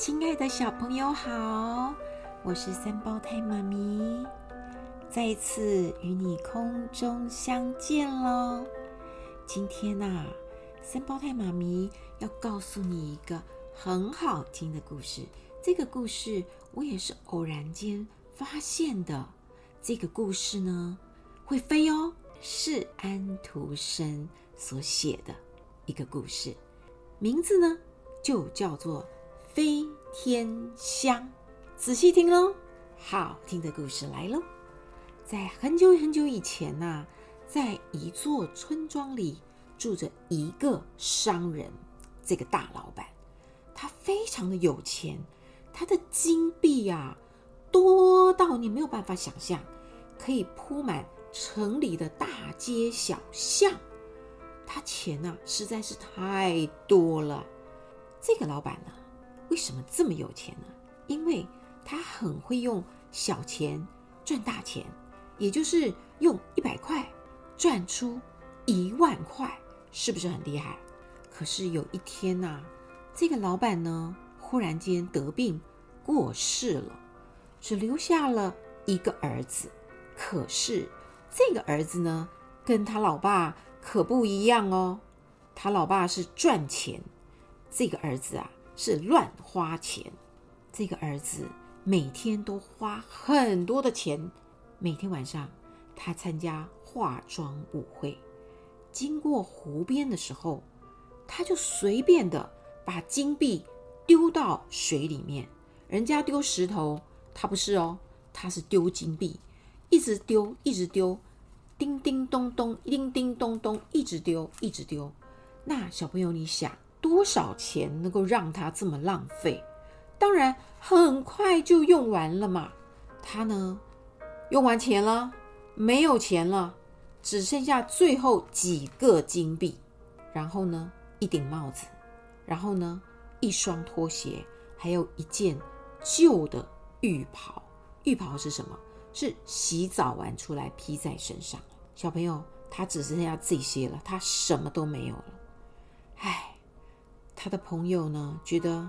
親愛的小朋友好，我是三胞胎媽咪，再一次與你空中相見嘍。今天吶，三胞胎媽咪要告訴你一個很好聽的故事。這個故事我也是偶然間發現的。這個故事呢，會飛哦，是安徒生所寫的一個故事，名字呢就叫做。飛天箱，仔細聽嘍！好聽的故事來嘍！在很久很久以前吶、啊，在一座村莊裡住着一個商人，這個大老闆，他非常的有錢，他的金幣呀、啊、多到你沒有辦法想象，可以鋪滿城裡的大街小巷。他錢呢、啊、實在是太多了，這個老闆呢。為什麼這麼有錢呢？因為他很會用小錢賺大錢，也就是用一百塊賺出一萬塊，是不是很厲害？可是有一天呢、啊，這個老板呢忽然間得病過世了，只留下了一個兒子。可是這個兒子呢，跟他老爸可不一樣哦，他老爸是賺錢，這個兒子啊。是亂花錢。這個兒子每天都花很多的錢。每天晚上，他參加化妝舞會，經過湖邊的時候，他就隨便的把金幣丟到水裡面。人家丟石頭，他不是哦，他是丟金幣，一直丟，一直丟，叮叮咚咚，叮叮咚咚，一直丟，一直丟。一直丟，一直丟，那小朋友，你想？多少錢能夠讓他這麼浪費？當然很快就用完了嘛。他呢，用完錢了，沒有錢了，只剩下最後幾個金幣。然後呢，一頂帽子，然後呢，一雙拖鞋，還有一件舊的浴袍。浴袍是什麼？是洗澡完出來披在身上。小朋友，他只剩下這些了，他什麼都沒有了。唉。他的朋友呢，覺得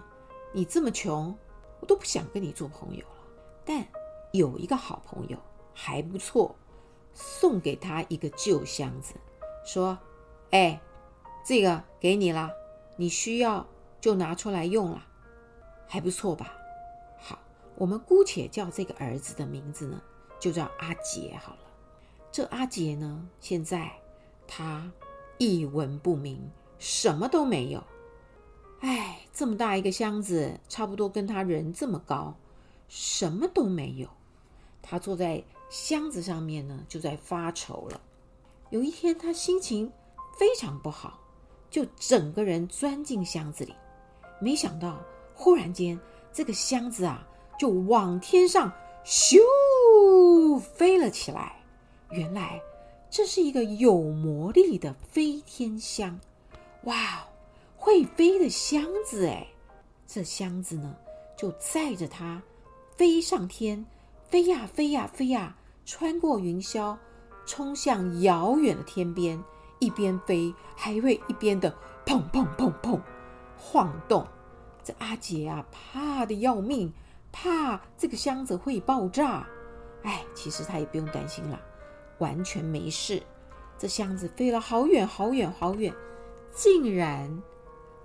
你這麼窮，我都不想跟你做朋友了。但有一個好朋友還不錯，送給他一個舊箱子，說：“哎，這個給你了，你需要就拿出來用了，還不錯吧？”好，我們姑且叫這個兒子的名字呢，就叫阿杰好了。這阿杰呢，現在他一文不名，什麼都沒有。哎，這麼大一個箱子，差不多跟他人這麼高，什麼都沒有。他坐在箱子上面呢，就在發愁了。有一天，他心情非常不好，就整個人鑽進箱子裡。沒想到，忽然間，這個箱子啊，就往天上咻飛了起來。原來，這是一個有魔力的飛天箱。哇哦！會飛的箱子哎，這箱子呢就載着他飛上天，飛呀、啊、飛呀、啊、飛呀、啊，穿過雲霄，衝向遙遠的天邊。一邊飛還會一邊的砰砰砰砰晃動，這阿杰啊怕得要命，怕這個箱子會爆炸。哎，其實他也不用擔心了，完全沒事。這箱子飛了好遠好遠好遠，竟然。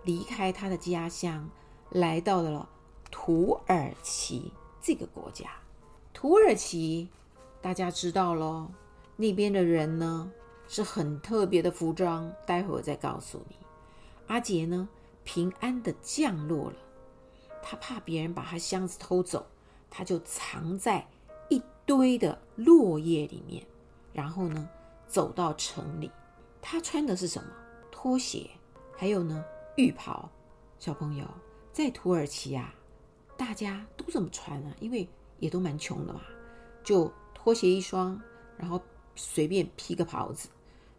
離開他的家鄉，來到了土耳其這個國家。土耳其大家知道咯那邊的人呢是很特別的服裝。待會兒我再告訴你。阿杰呢平安的降落了，他怕別人把他箱子偷走，他就藏在一堆的落葉裡面。然後呢走到城裡，他穿的是什麼？拖鞋，還有呢？浴袍。小朋友，在土耳其呀、啊，大家都這麼穿啊，因為也都蠻窮的嘛，就拖鞋一雙，然後隨便披個袍子。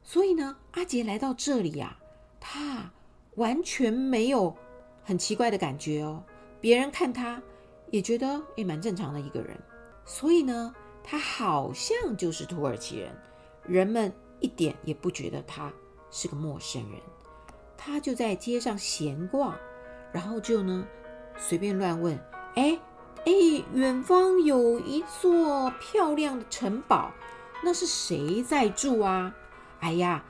所以呢，阿傑來到這裡呀、啊，他完全沒有很奇怪的感覺哦，別人看他也覺得也蠻正常的一個人，所以呢，他好像就是土耳其人，人們一點也不覺得他是個陌生人。他就在街上閒逛，然後就呢，隨便亂問：“哎哎，遠方有一座漂亮的城堡，那是誰在住啊？”“哎呀，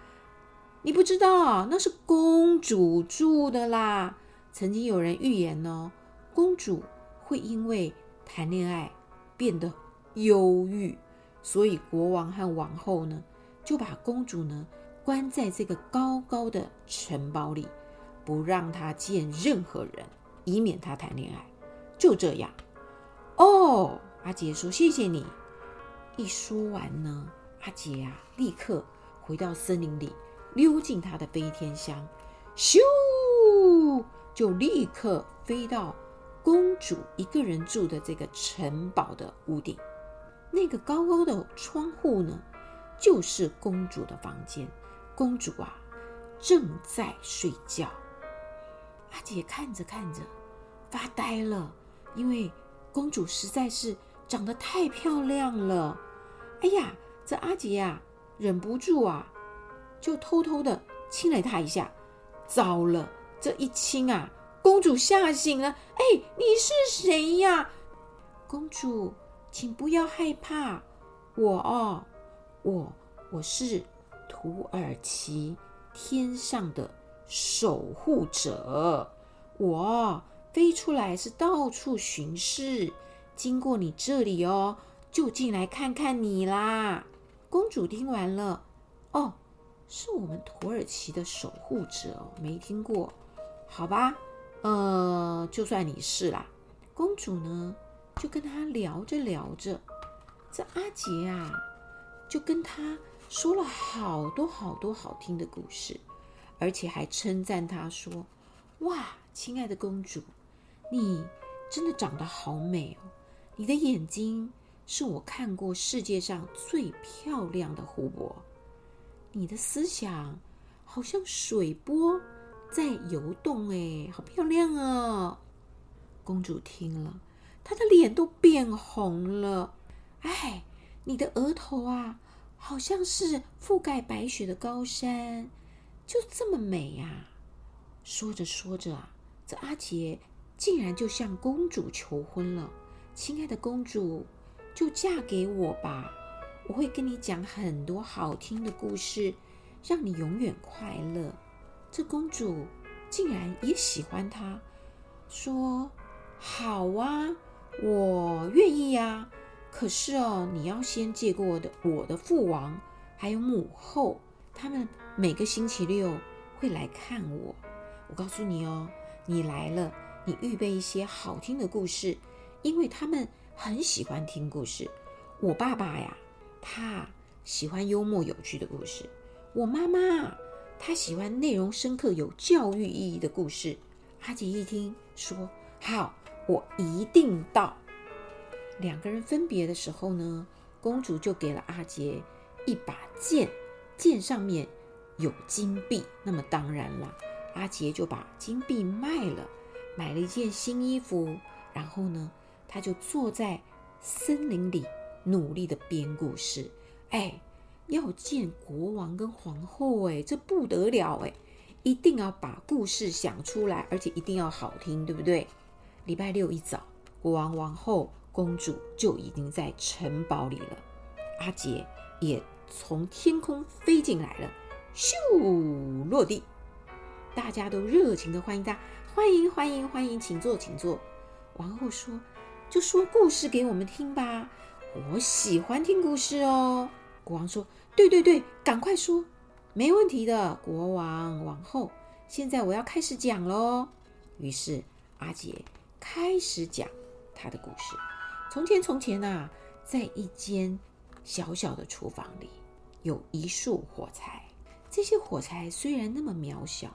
你不知道，那是公主住的啦。”曾經有人預言呢，公主會因為談戀愛變得憂鬱，所以國王和王后呢，就把公主呢，關在這個高高的城堡裡，不讓他見任何人，以免他談戀愛。就這樣，哦，阿傑說：“謝謝你。”一說完呢，阿傑啊，立刻回到森林裡，溜進他的飛天箱，咻，就立刻飛到公主一個人住的這個城堡的屋頂。那個高高的窗戶呢，就是公主的房間。公主啊，正在睡覺。阿傑看着看着，發呆了，因為公主實在是長得太漂亮了。哎呀，這阿杰呀、啊，忍不住啊，就偷偷的親了她一下。糟了，這一親啊，公主嚇醒了。哎，你是誰呀？公主，請不要害怕，我哦，我我是。土耳其天上的守護者，我飛出來是到處巡視，經過你這裡哦，就進來看看你啦。公主聽完了，哦，是我們土耳其的守護者哦，沒聽過，好吧，呃，就算你是啦。公主呢，就跟他聊着聊着，這阿杰啊，就跟他。說了好多好多好聽的故事，而且還稱讚她說：“哇，親愛的公主，你真的長得好美哦！你的眼睛是我看過世界上最漂亮的湖泊，你的思想好像水波在游動，哎，好漂亮啊、哦！”公主聽了，她的臉都變紅了。哎，你的額頭啊！好像是覆蓋白雪的高山，就這麼美呀！說着說着啊，這阿杰竟然就向公主求婚了：“親愛的公主，就嫁給我吧！我會跟你講很多好聽的故事，讓你永遠快樂。”這公主竟然也喜歡他，說：“好啊，我願意呀。”可是哦，你要先見過的我的父王，還有母後，他們每個星期六會來看我。我告訴你哦，你來了，你預備一些好聽的故事，因為他們很喜歡聽故事。我爸爸呀，他喜歡幽默有趣的故事；我媽媽，她喜歡內容深刻、有教育意義的故事。阿杰一聽，說好，我一定到。兩個人分別的時候呢，公主就給了阿杰一把劍，劍上面有金幣。那麼當然了，阿杰就把金幣賣了，買了一件新衣服。然後呢，他就坐在森林裡，努力地編故事。哎，要見國王跟皇後，哎，這不得了，哎，一定要把故事想出來，而且一定要好聽，對不對？禮拜六一早，國王、王後。公主就已經在城堡裡了，阿傑也從天空飛進來了，咻，落地，大家都熱情的歡迎他，歡迎歡迎歡迎，請坐請坐。王后說：“就說故事給我們聽吧，我喜歡聽故事哦。”國王說：“對對對，趕快說，沒問題的。”國王王後，現在我要開始講嘍。於是阿傑開始講他的故事。從前，從前吶、啊，在一間小小的廚房裡，有一束火柴。這些火柴雖然那麼渺小，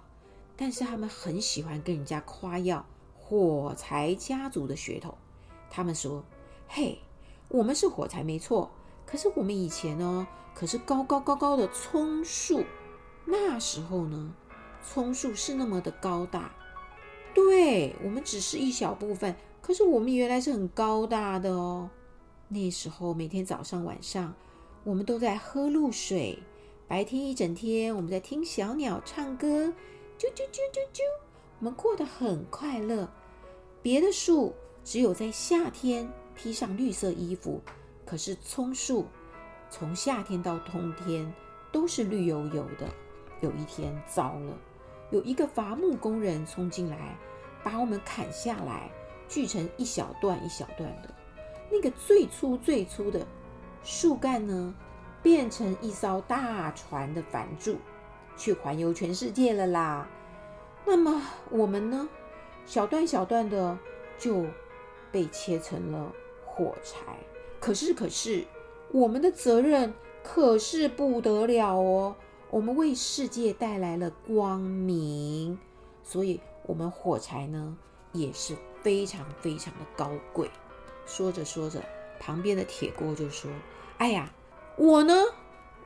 但是他們很喜歡跟人家誇耀火柴家族的血統。他們說：“嘿，我們是火柴沒錯，可是我們以前呢，可是高高高高的樅樹。那時候呢，樅樹是那麼的高大，對我們只是一小部分。”可是我們原來是很高大的哦，那時候每天早上晚上我們都在喝露水，白天一整天我們在聽小鳥唱歌，啾啾啾啾啾，我們過得很快樂。別的樹只有在夏天披上綠色衣服，可是松樹從夏天到冬天都是綠油油的。有一天糟了，有一個伐木工人衝進來，把我們砍下來。鋸成一小段一小段的，那個最粗最粗的樹幹呢，變成一艘大船的帆柱，去環遊全世界了啦。那麼我們呢，小段小段的就被切成了火柴。可是可是，我們的責任可是不得了哦，我們為世界帶來了光明，所以我們火柴呢，也是非常非常的高貴。說着說着，旁邊的鐵鍋就說：“哎呀，我呢，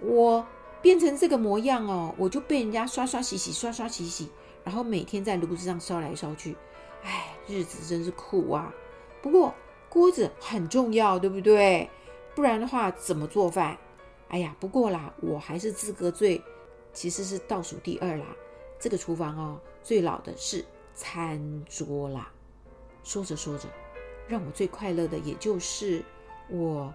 我變成這個模樣哦，我就被人家刷刷洗洗刷刷洗洗，然後每天在爐子上燒來燒去，哎，日子真是苦啊。不過鍋子很重要，對不對？不然的話怎麼做飯？哎呀，不過啦，我還是資格最，其實是倒數第二啦。這個廚房哦，最老的是。”餐桌啦。說着說着，讓我最快樂的也就是我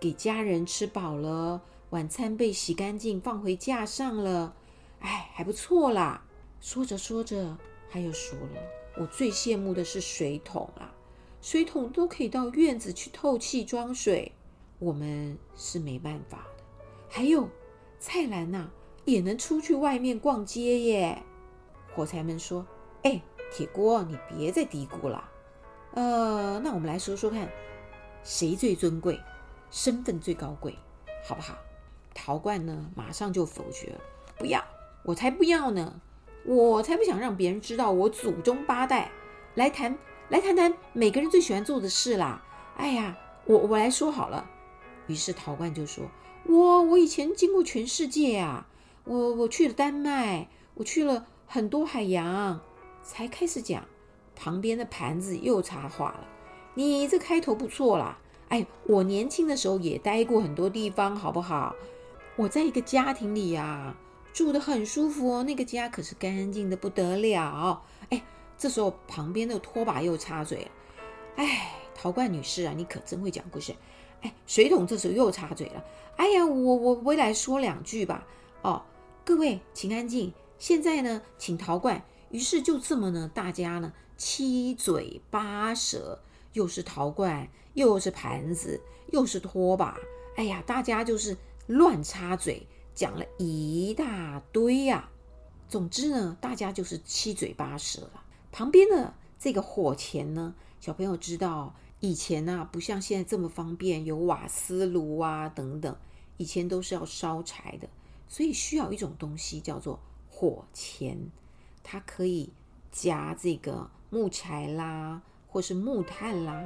給家人吃飽了，晚餐被洗乾淨放回架上了，哎，還不錯啦。說着說着，他又說了，我最羨慕的是水桶啦、啊，水桶都可以到院子去透氣裝水，我們是沒辦法的。還有菜籃吶、啊，也能出去外面逛街耶。火柴們說，哎。鐵鍋，你別再嘀咕了，呃，那我們來說說看，誰最尊貴，身份最高貴，好不好？陶罐呢，馬上就否決不要，我才不要呢，我才不想讓別人知道我祖宗八代，來談，來談談每個人最喜歡做的事啦。哎呀，我我來說好了。於是陶罐就說，我我以前經過全世界啊，我我去了丹麥，我去了很多海洋。才開始講，旁邊的盤子又插話了：“你這開頭不錯啦，哎，我年輕的時候也待過很多地方，好不好？我在一個家庭裡呀，啊，住得很舒服哦，那個家可是乾淨的不得了。”哎，這時候旁邊的拖把又插嘴了：“哎，陶罐女士啊，你可真會講故事。”哎，水桶這時候又插嘴了：“哎呀，我我我也來說兩句吧。”哦，各位請安靜，現在呢，請陶罐。於是就這麼呢，大家呢七嘴八舌，又是陶罐，又是盤子，又是拖把，哎呀，大家就是亂插嘴，講了一大堆呀啊。總之呢，大家就是七嘴八舌了。旁邊的這個火鉗呢，小朋友知道，以前啊，不像現在這麼方便，有瓦斯爐啊等等，以前都是要燒柴的，所以需要一種東西叫做火鉗。它可以夾這個木柴啦，或是木炭啦。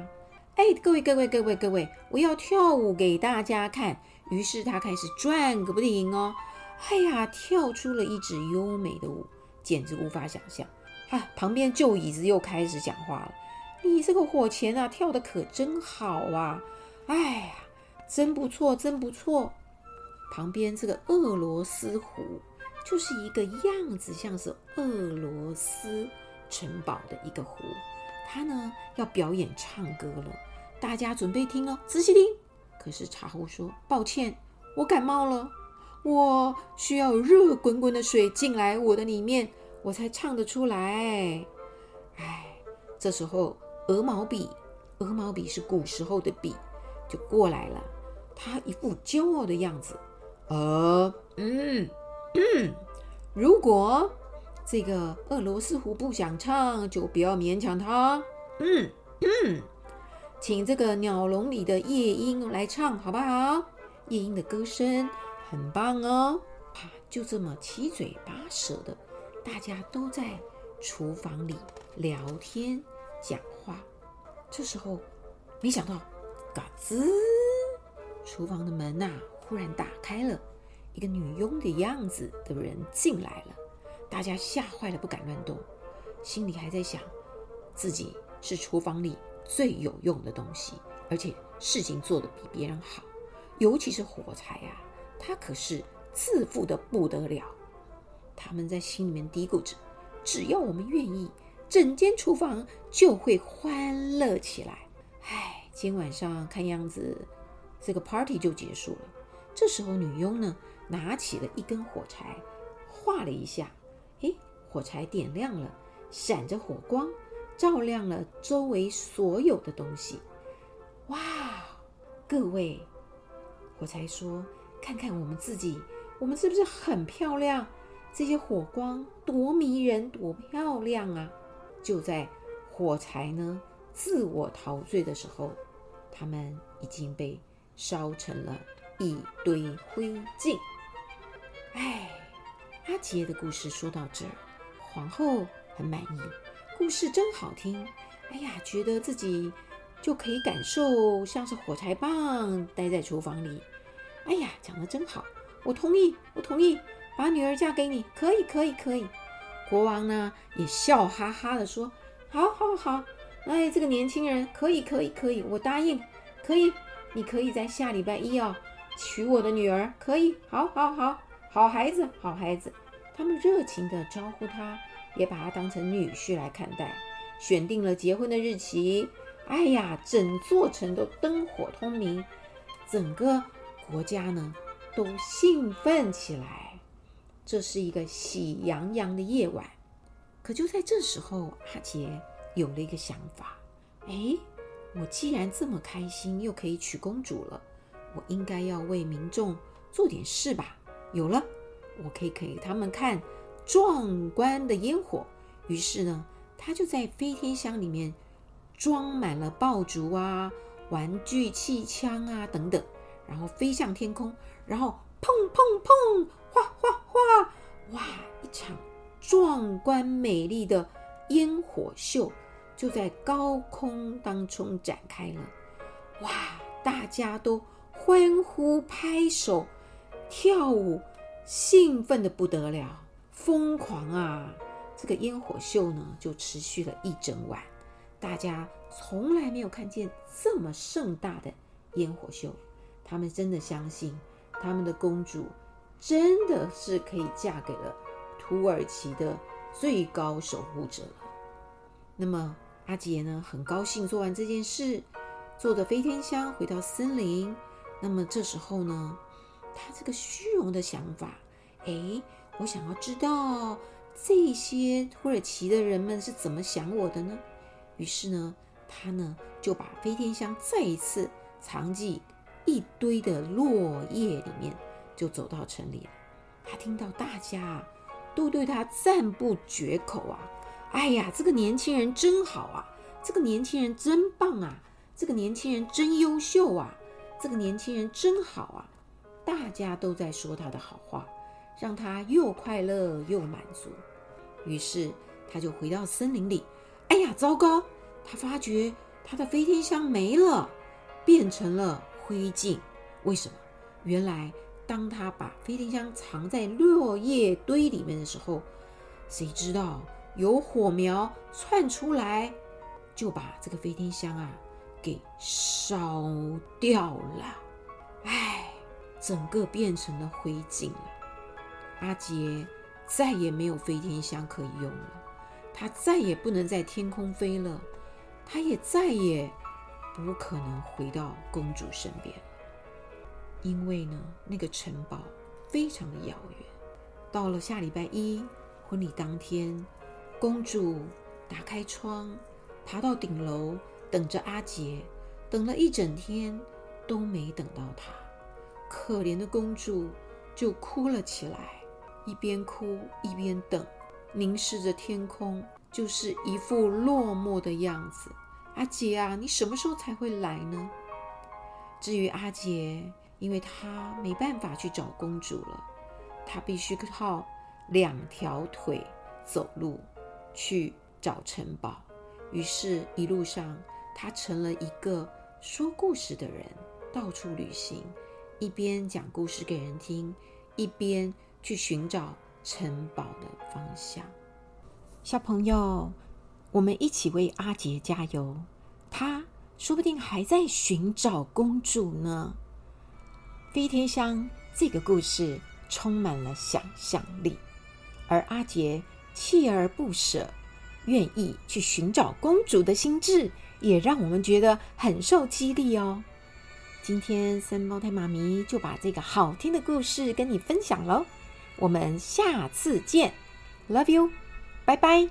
哎，各位各位各位各位，我要跳舞給大家看。於是他開始轉個不停哦。哎呀，跳出了一支優美的舞，簡直無法想象。哈、啊，旁邊舊椅子又開始講話了：“你這個火鉗啊，跳得可真好啊！哎呀，真不錯，真不錯。”旁邊這個俄羅斯虎。就是一個樣子像是俄羅斯城堡的一個壺，它呢要表演唱歌了，大家準備聽哦，仔細聽。可是茶壺說：“抱歉，我感冒了，我需要熱滾滾的水進來我的裡面，我才唱得出來。”唉，這時候鵝毛筆，鵝毛筆是古時候的筆，就過來了，它一副驕傲的樣子，鵝、呃，嗯。嗯，如果這個俄羅斯虎不想唱，就不要勉強它。嗯嗯，請這個鳥籠裡的夜鶯來唱，好不好？夜鶯的歌聲很棒哦。啊，就這麼七嘴八舌的，大家都在廚房裡聊天講話。這時候，沒想到，嘎吱，廚房的門吶啊，忽然打開了。一個女傭的樣子的人進來了，大家嚇壞了，不敢亂動，心裡還在想：自己是廚房裡最有用的東西，而且事情做得比別人好，尤其是火柴呀，他可是自負的不得了。他們在心裡面嘀咕着：只要我們願意，整間廚房就會歡樂起來。唉，今晚上看樣子這個 party 就結束了。這時候，女傭呢？拿起了一根火柴，劃了一下，誒，火柴點亮了，閃着火光，照亮了周圍所有的東西。哇，各位，火柴說：“看看我們自己，我們是不是很漂亮？這些火光多迷人，多漂亮啊！”就在火柴呢自我陶醉的時候，它們已經被燒成了一堆灰燼。哎，阿傑的故事說到這兒，皇後很滿意，故事真好聽。哎呀，覺得自己就可以感受像是火柴棒待在廚房裡。哎呀，講得真好，我同意，我同意，把女兒嫁給你，可以，可以，可以。國王呢也笑哈哈地說：“好好好，哎，這個年輕人可以，可以，可以，我答應，可以，你可以在下禮拜一哦，娶我的女兒，可以，好好好。”好孩子，好孩子，他們熱情地招呼他，也把他當成女婿來看待，選定了結婚的日期。哎呀，整座城都燈火通明，整個國家呢都興奮起來。這是一個喜洋洋的夜晚。可就在這時候，阿杰有了一個想法：哎，我既然這麼開心，又可以娶公主了，我應該要為民眾做點事吧。有了，我可以給他們看壯觀的煙火。於是呢，他就在飛天箱裡面裝滿了爆竹啊、玩具氣槍啊等等，然後飛向天空，然後砰砰砰，嘩嘩嘩，哇！一場壯觀美麗的煙火秀就在高空當中展開了。哇！大家都歡呼拍手。跳舞，興奮得不得了，瘋狂啊！這個煙火秀呢，就持續了一整晚。大家從來沒有看見這麼盛大的煙火秀，他們真的相信，他們的公主真的是可以嫁給了土耳其的最高守護者了。那麼阿杰呢，很高興做完這件事，坐着飛天箱回到森林。那麼這時候呢，他這個虛榮的想法，哎，我想要知道這些土耳其的人們是怎麼想我的呢？於是呢，他呢就把飛天箱再一次藏進一堆的落葉裡面，就走到城裡了。他聽到大家都對他讚不絕口啊！哎呀，這個年輕人真好啊！這個年輕人真棒啊！這個年輕人真優秀啊！這個年輕人真好啊！大家都在說他的好話，讓他又快樂又滿足。於是他就回到森林裡。哎呀，糟糕！他發覺他的飛天箱沒了，變成了灰燼。為什麼？原來當他把飛天箱藏在落葉堆裡面的時候，誰知道有火苗竄出來，就把這個飛天箱啊給燒掉了。哎。整個變成了灰燼了。阿杰再也沒有飛天箱可以用了，他再也不能在天空飛了，他也再也不可能回到公主身邊了。因為呢，那個城堡非常的遙遠。到了下禮拜一，婚禮當天，公主打開窗，爬到頂樓，等着阿杰，等了一整天，都沒等到他。可憐的公主就哭了起來，一邊哭一邊等，凝視着天空，就是一副落寞的樣子。阿傑啊，你什麼時候才會來呢？至於阿傑，因為他沒辦法去找公主了，他必須靠兩條腿走路去找城堡。於是，一路上他成了一個說故事的人，到處旅行。一邊講故事給人聽，一邊去尋找城堡的方向。小朋友，我們一起為阿杰加油！他說不定還在尋找公主呢。《飛天箱》這個故事充滿了想象力，而阿杰鍥而不舍、願意去尋找公主的心智，也讓我們覺得很受激勵哦。今天三胞胎媽咪就把這個好聽的故事跟你分享嘍，我們下次見，Love you，拜拜。